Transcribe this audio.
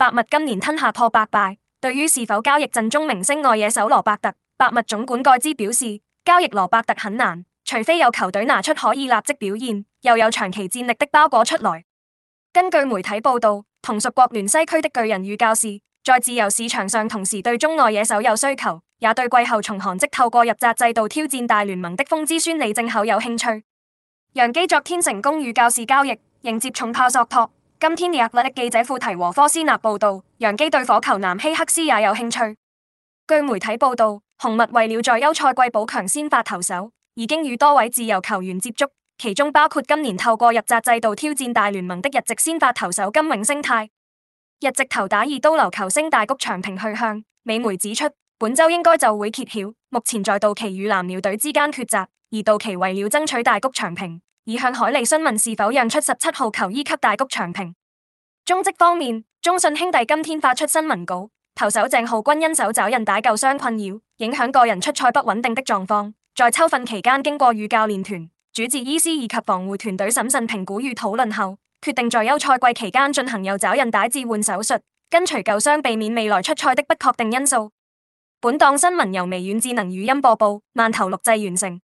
百物今年吞下破百敗，對於是否交易陣中明星外野手羅伯特，百物總管蓋茲表示：交易羅伯特很難，除非有球隊拿出可以立即表現，又有長期戰力的包裹出來。根據媒體報道，同屬國聯西區的巨人與教士，在自由市場上同時對中外野手有需求，也對季後從韓職透過入札制度挑戰大聯盟的風之孫李正厚有興趣。洋基昨天成功與教士交易，迎接重炮索托。今天 The Athletic 的記者庫提和科施納報道，洋基對火球男希克斯也有興趣。據媒體報道，紅襪為了在休賽季補強先發投手，已經與多位自由球員接觸，其中包括今年透過入札制度挑戰大聯盟的日籍先發投手今永昇太。日籍投打二刀流球星大谷翔平去向，美媒指出，本周應該就會揭曉。目前在道奇與藍鳥隊之間抉擇，而道奇為了爭取大谷翔平。而向凱利詢問是否讓出十七號球衣給大谷翔平。中職方面，中信兄弟今天發出新聞稿，投手鄭浩均因手肘韌帶舊傷困擾，影響個人出賽不穩定的狀況，在秋訓期間經過與教練團、主治醫師以及防護團隊，隊審慎評估，估與討論後，決定在休賽季期間進行右肘韌帶置換手術，跟隨舊傷避免未來出賽的不確定因素。本檔新聞由微軟智能語音播報，慢投錄製完成。